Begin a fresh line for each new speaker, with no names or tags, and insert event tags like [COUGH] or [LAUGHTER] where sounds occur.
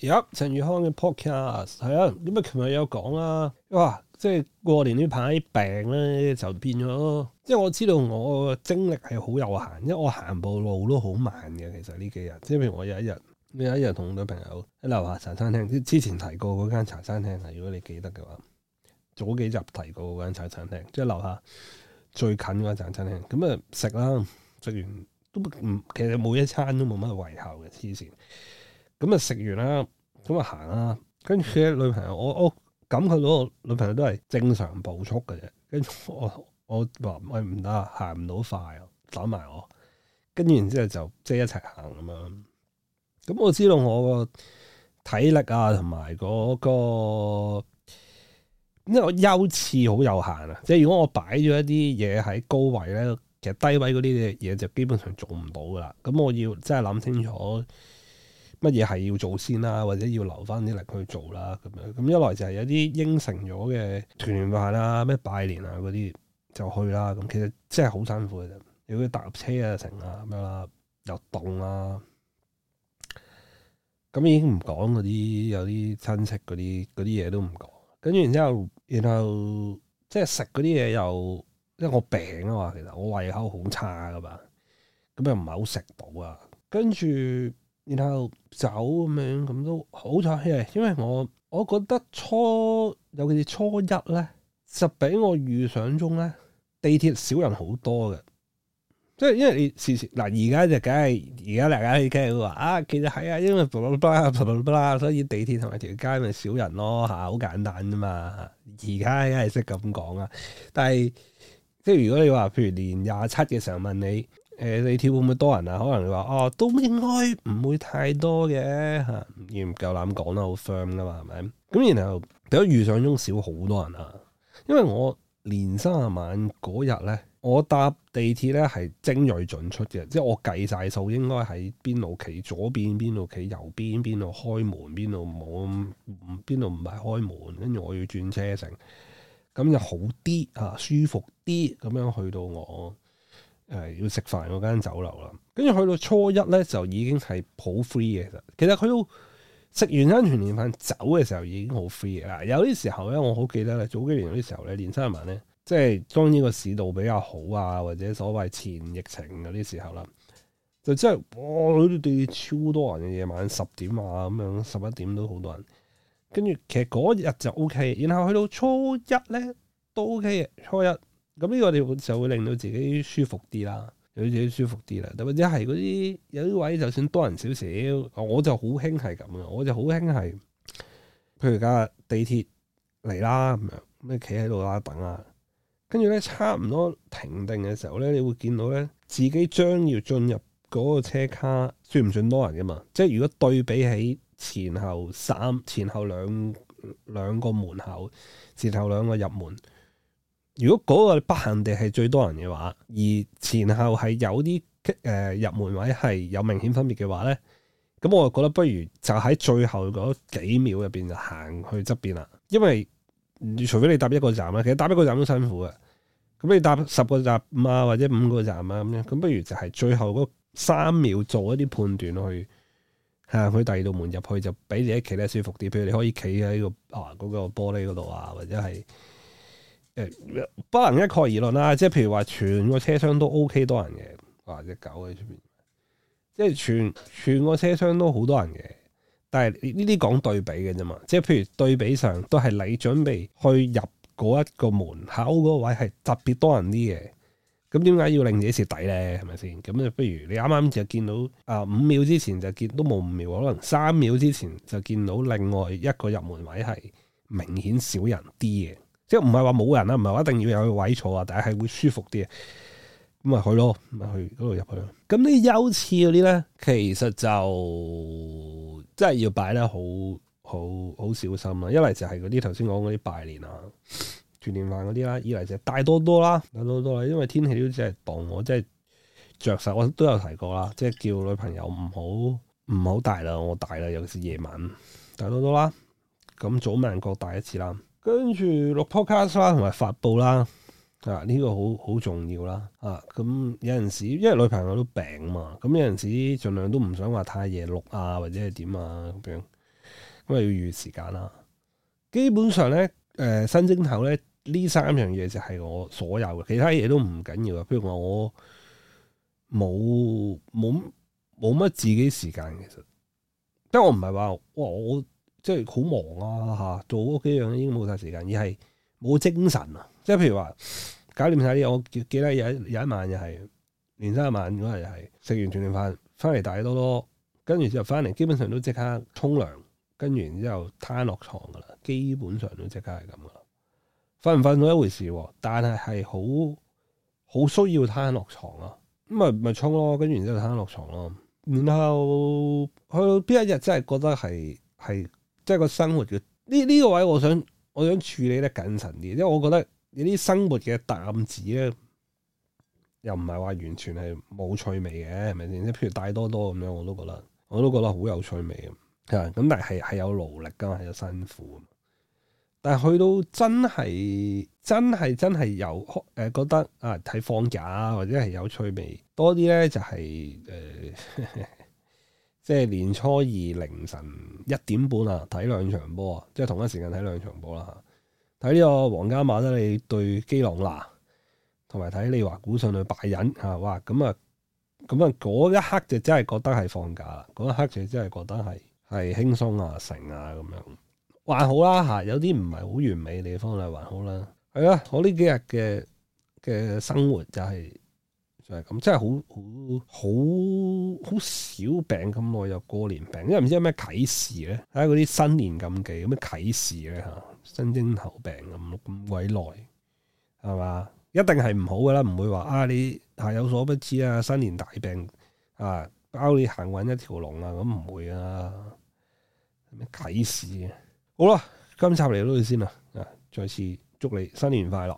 yep, 陳宇康嘅 podcast，係啊，咁啊，琴日有講啊？哇！即係過年病病呢排病咧就變咗，即係我知道我精力係好有限，因為我行步路都好慢嘅。其實呢幾日，即係譬如我有一日，有一日同女朋友喺樓下茶餐廳，之前提過嗰間茶餐廳，係如果你記得嘅話，早幾集提過嗰間茶餐廳，即係樓下最近嗰間茶餐廳。咁啊食啦，食完都唔，其實每一餐都冇乜胃口嘅黐線。咁啊食完啦，咁啊行啦，跟住女朋友我、哦、感我咁佢嗰個女朋友都係正常步速嘅啫，跟住我我話喂，唔得，行唔到快，就是、啊，等埋我，跟住然之後就即係一齊行咁樣。咁我知道我個體力啊，同埋嗰個，因為我優次好有限啊，即係如果我擺咗一啲嘢喺高位咧，其實低位嗰啲嘢就基本上做唔到噶啦。咁我要真係諗清楚。乜嘢係要做先啦，或者要留翻啲力去做啦咁樣。咁一來就係有啲應承咗嘅團圓飯啦、咩拜年啊嗰啲就去啦。咁其實真係好辛苦嘅，啊，如果搭車啊、成啊咁樣啦，又凍啦，啊。咁已經唔講嗰啲有啲親戚嗰啲嗰啲嘢都唔講。跟住然之後，然後即係食嗰啲嘢又因為我病啊嘛，其實我胃口好差噶嘛，咁又唔係好食到啊。跟住。然後走咁樣，咁都好彩，因為我我覺得初尤其是初一咧，實比我預想中咧，地鐵少人好多嘅。即係因為你事，嗱，而家就梗係而家大家梗係會話啊，其實係啊，因為…… blah 所以地鐵同埋條街咪少人咯，吓好簡單啫嘛。而家梗係識咁講啊，但係即係如果你話譬如年廿七嘅時候問你。誒地鐵會唔會多人啊？可能你話哦，都應該唔會太多嘅嚇，你唔夠膽講得好 firm 噶嘛，係咪？咁然後，如果預想中少好多人啊，因為我年三十晚嗰日咧，我搭地鐵咧係精鋭進出嘅，即係我計晒數，應該喺邊度企左邊，邊度企右邊，邊度開門，邊度冇，邊度唔係開門，跟住我要轉車程，咁就好啲嚇，舒服啲咁樣去到我。誒要食飯嗰間酒樓啦，跟住去到初一咧就已經係好 free 嘅，其實其實佢都食完餐團年飯走嘅時候已經好 free 啦。有啲時候咧，我好記得咧，早幾年有啲時候咧，年三十晚咧，即係當呢個市道比較好啊，或者所謂前疫情嗰啲時候啦，就真、就、係、係、哇對超多人嘅夜晚十點啊咁樣，十一點都好多人。跟住其實嗰日就 O、OK，K，然後去到初一咧都 OK 嘅，初一。咁呢個就會令到自己舒服啲啦，令自己舒服啲啦。或者係嗰啲有啲位，就算多人少少，我就好興係咁啊！我就好興係，譬如而家地鐵嚟啦咁樣，咩企喺度啦等啊，跟住咧差唔多停定嘅時候咧，你會見到咧自己將要進入嗰個車卡算唔算多人嘅嘛？即係如果對比起前後三、前後兩兩個門口、前後兩個入門。如果嗰個不幸地係最多人嘅話，而前後係有啲誒、呃、入門位係有明顯分別嘅話咧，咁我就覺得不如就喺最後嗰幾秒入邊就行去側邊啦，因為除非你搭一個站啦，其實搭一個站都辛苦嘅，咁你搭十個站啊或者五個站啊咁樣，咁不如就係最後嗰三秒做一啲判斷去行去第二道門入去就俾自己企得舒服啲，譬如你可以企喺、個啊、嗰個、玻璃嗰度啊或者係。不能一概而論啦，即係譬如話、OK，全個車廂都 O K 多人嘅，話隻狗喺出邊，即係全全個車廂都好多人嘅。但係呢啲講對比嘅啫嘛，即係譬如對比上都係你準備去入嗰一個門口嗰位係特別多人啲嘅，咁點解要令自己蝕底呢？係咪先？咁就不如你啱啱就見到啊呃、五秒之前就見都冇五秒，可能三秒之前就見到另外一個入門位係明顯少人啲嘅。即係唔係話冇人啊，唔係話一定要有位坐啊，但係會舒服啲啊，咁咪去咯，咪去嗰度入去。咁呢啲優次嗰啲咧，其實就即係要擺得好好好小心啦。一嚟就係嗰啲頭先講嗰啲拜年啊、團年飯嗰啲啦，二嚟就大多多啦，大多多啦。因為天氣都真係凍，我真係着實我都有提過啦，即係叫女朋友唔好唔好大啦，我大啦，尤其是夜晚大多多啦。咁早晚各大一次啦。跟住錄 podcast 啦，同埋發布啦，啊呢個好好重要啦，啊咁有陣時，因為女朋友都病嘛，咁有陣時盡量都唔想話太夜錄啊，或者係點啊咁樣，咁、啊、又要預時間啦。基本上咧，誒新正頭咧，呢三樣嘢就係我所有嘅，其他嘢都唔緊要嘅。譬如話我冇冇冇乜自己時間，其實，但係我唔係話哇我。即係好忙啊吓，做嗰幾樣已經冇晒時間，而係冇精神啊！即係譬如話搞掂晒啲嘢，我記得有一有一晚又係年三十晚嗰日係食完團年飯，翻嚟大多多，跟住之後翻嚟基本上都即刻沖涼，跟住然之後癱落床噶啦，基本上都即刻係咁噶啦。瞓唔瞓到一回事，啊，但係係好好需要癱落床咯，啊。咁啊咪沖咯，跟住然之後癱落床咯。然後去到邊一日真係覺得係係。即係個生活嘅，呢呢個位，我想我想處理得謹慎啲，因為我覺得你啲生活嘅擔子咧，又唔係話完全係冇趣味嘅，係咪先？即譬如帶多多咁樣，我都覺得我都覺得好有趣味。咁但係係有勞力噶嘛，係有辛苦。但係去到真係真係真係有誒、呃、覺得啊，睇，放假或者係有趣味多啲咧，就係、是、誒。呃 [LAUGHS] 即係年初二凌晨一點半啊，睇兩場波啊，即係同一時間睇兩場波啦嚇。睇呢個皇家馬德里對基朗拿，同埋睇利華古遜對拜仁嚇，哇！咁啊，咁啊，嗰一刻就真係覺得係放假啦，嗰一刻就真係覺得係係輕鬆啊、成啊咁樣，還好啦嚇，有啲唔係好完美嘅地方就還好啦。係啊，我呢幾日嘅嘅生活就係、是、～咁，真係好好好好少病咁耐，又過年病，因為唔知有咩啟示呢。咧。睇下嗰啲新年禁忌，有咩啟示？咧嚇？新正頭病咁咁鬼耐，係嘛？一定係唔好噶啦，唔會話啊你係有所不知啊，新年大病啊，包你行運一條龍啊，咁唔會啊。咩啟示？啊？好啦，今集嚟到呢度先啦，啊，再次祝你新年快樂。